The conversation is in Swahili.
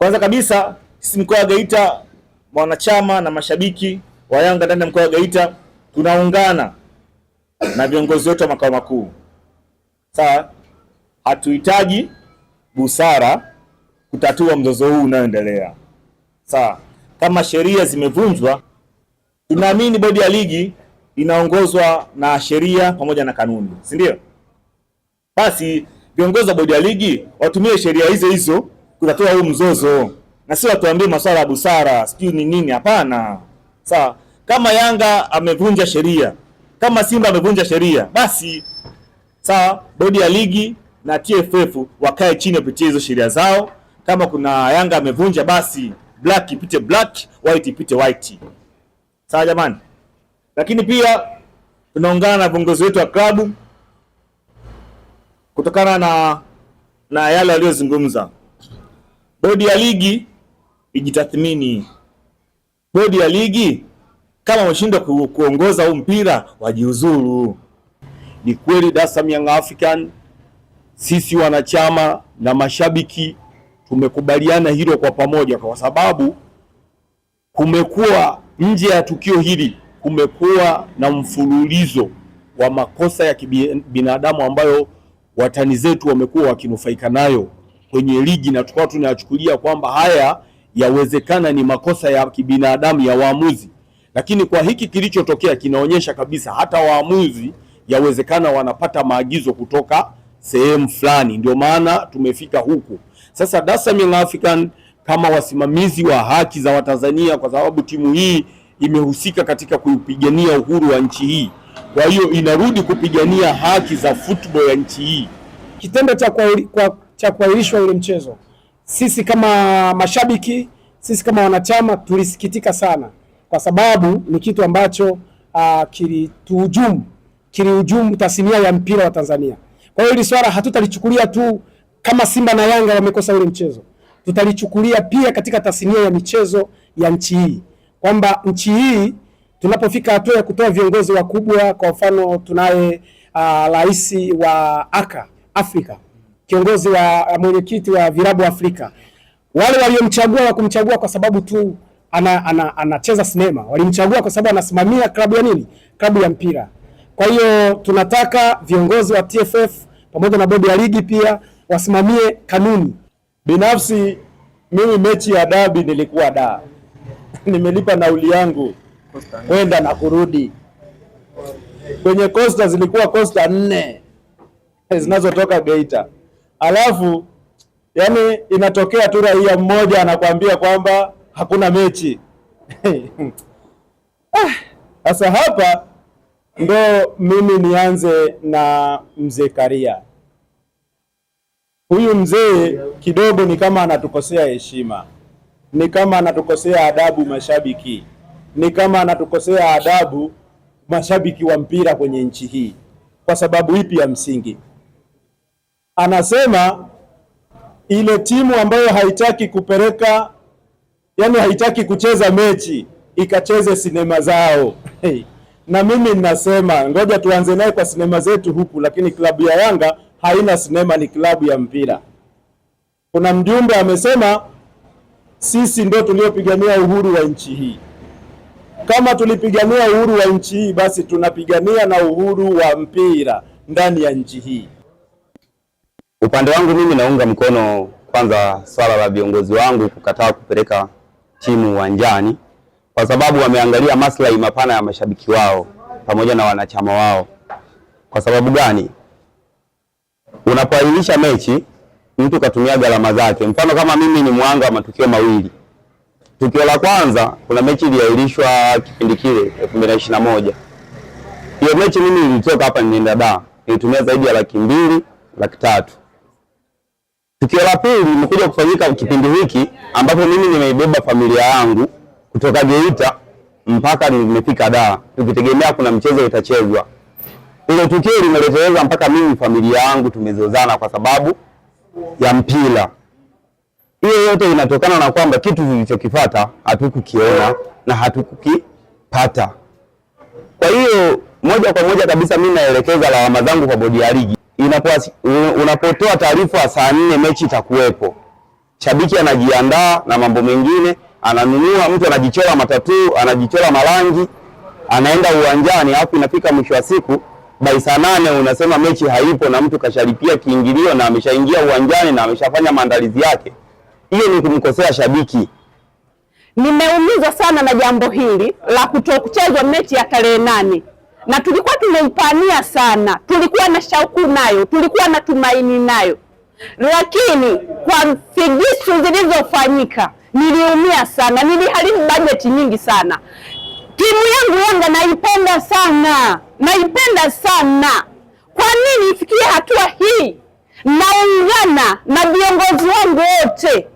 Kwanza kabisa sisi mkoa wa Geita, wanachama na mashabiki wa Yanga ndani ya mkoa wa Geita tunaungana na viongozi wetu wa makao makuu. Sawa, hatuhitaji busara kutatua mzozo huu unaoendelea. Sawa, kama sheria zimevunjwa, tunaamini bodi ya ligi inaongozwa na sheria pamoja na kanuni, si ndio? Basi viongozi wa bodi ya ligi watumie sheria hizo hizo kutatua huu mzozo, na sio watuambie masuala ya busara sijui ni nini. Hapana, sawa. Kama Yanga amevunja sheria, kama Simba amevunja sheria, basi sawa, bodi ya ligi na TFF wakae chini, wapitie hizo sheria zao. Kama kuna Yanga amevunja, basi black ipite black, white ipite white. Sawa jamani, lakini pia tunaungana na viongozi wetu wa klabu kutokana na na yale waliyozungumza. Bodi ya ligi ijitathmini. Bodi ya ligi kama wameshindwa ku, kuongoza huu mpira wajiuzuru. Ni kweli Dar es Salaam Young African, sisi wanachama na mashabiki tumekubaliana hilo kwa pamoja, kwa sababu kumekuwa nje ya tukio hili kumekuwa na mfululizo wa makosa ya kibinadamu ambayo watani zetu wamekuwa wakinufaika nayo kwenye ligi na tukawa tunayachukulia kwamba haya yawezekana ni makosa ya kibinadamu ya waamuzi, lakini kwa hiki kilichotokea kinaonyesha kabisa hata waamuzi yawezekana wanapata maagizo kutoka sehemu fulani, ndio maana tumefika huku sasa. Dasam African kama wasimamizi wa haki za Watanzania, kwa sababu timu hii imehusika katika kuipigania uhuru wa nchi hii, kwa hiyo inarudi kupigania haki za football ya nchi hii. Kitendo cha kwa, kwa cha kuahirishwa ule mchezo. Sisi kama mashabiki, sisi kama wanachama tulisikitika sana, kwa sababu ni kitu ambacho uh, kilituhujumu, kilihujumu tasnia ya mpira wa Tanzania. Kwa hiyo hili swala hatutalichukulia tu kama Simba na Yanga wamekosa ule mchezo, tutalichukulia pia katika tasnia ya michezo ya nchi hii, kwamba nchi hii tunapofika hatua ya kutoa viongozi wakubwa, kwa mfano tunaye uh, rais wa aka Afrika kiongozi wa mwenyekiti wa virabu Afrika. Wale waliomchagua wa kumchagua kwa sababu tu ana, ana, anacheza sinema, walimchagua kwa sababu anasimamia klabu ya nini, klabu ya mpira. Kwa hiyo tunataka viongozi wa TFF pamoja na bodi ya ligi pia wasimamie kanuni. Binafsi mimi mechi ya dabi nilikuwa da nimelipa nauli yangu kwenda na kurudi kwenye kosta, zilikuwa kosta nne eh, zinazotoka Geita alafu yani inatokea tu raia mmoja anakuambia kwamba hakuna mechi ah, sasa ah, hapa ndo mimi nianze na mzee Karia. Huyu mzee kidogo ni kama anatukosea heshima, ni kama anatukosea adabu mashabiki, ni kama anatukosea adabu mashabiki wa mpira kwenye nchi hii. Kwa sababu ipi ya msingi? anasema ile timu ambayo haitaki kupeleka, yani haitaki kucheza mechi ikacheze sinema zao. Hey, na mimi ninasema ngoja tuanze naye kwa sinema zetu huku, lakini klabu ya Yanga haina sinema, ni klabu ya mpira. Kuna mjumbe amesema sisi ndio tuliopigania uhuru wa nchi hii. Kama tulipigania uhuru wa nchi hii, basi tunapigania na uhuru wa mpira ndani ya nchi hii. Upande wangu mimi naunga mkono kwanza swala la viongozi wangu kukataa kupeleka timu uwanjani kwa sababu wameangalia maslahi mapana ya mashabiki wao pamoja na wanachama wao. Kwa sababu gani? Unapoahirisha mechi, mtu katumia gharama zake. Mfano kama mimi ni mwanga wa matukio mawili. Tukio la kwanza, kuna mechi iliahirishwa kipindi kile 2021. Hiyo mechi mimi nilitoka hapa nilienda da, nilitumia zaidi ya laki mbili laki tatu Tukio la pili limekuja kufanyika kipindi hiki ambapo mimi nimeibeba familia yangu kutoka Geita mpaka nimefika Dar, tukitegemea kuna mchezo itachezwa. Hilo tukio limeleteweza mpaka mimi familia yangu tumezozana kwa sababu ya mpira. Hiyo yote inatokana na kwamba kitu tulichokifata hatukukiona na hatukukipata. Kwa hiyo moja kwa moja kabisa mimi naelekeza lawama zangu kwa bodi ya ligi unapotoa taarifa saa nne mechi itakuwepo, shabiki anajiandaa na mambo mengine, ananunua, mtu anajichora matatuu, anajichora marangi, anaenda uwanjani, alafu inafika mwisho wa siku bai saa nane unasema mechi haipo, na mtu kashalipia kiingilio na ameshaingia uwanjani na ameshafanya maandalizi yake. Hiyo ni kumkosea shabiki. Nimeumizwa sana na jambo hili la kutokuchezwa mechi ya tarehe nane na tulikuwa tumeipania sana, tulikuwa na shauku nayo, tulikuwa na tumaini nayo, lakini kwa figisu zilizofanyika niliumia sana, niliharibu bajeti nyingi sana. Timu yangu Yanga naipenda sana, naipenda sana. Kwa nini ifikie hatua hii? Naungana na viongozi wangu wote